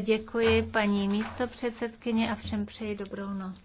Děkuji paní místopředsedkyně a všem přeji dobrou noc.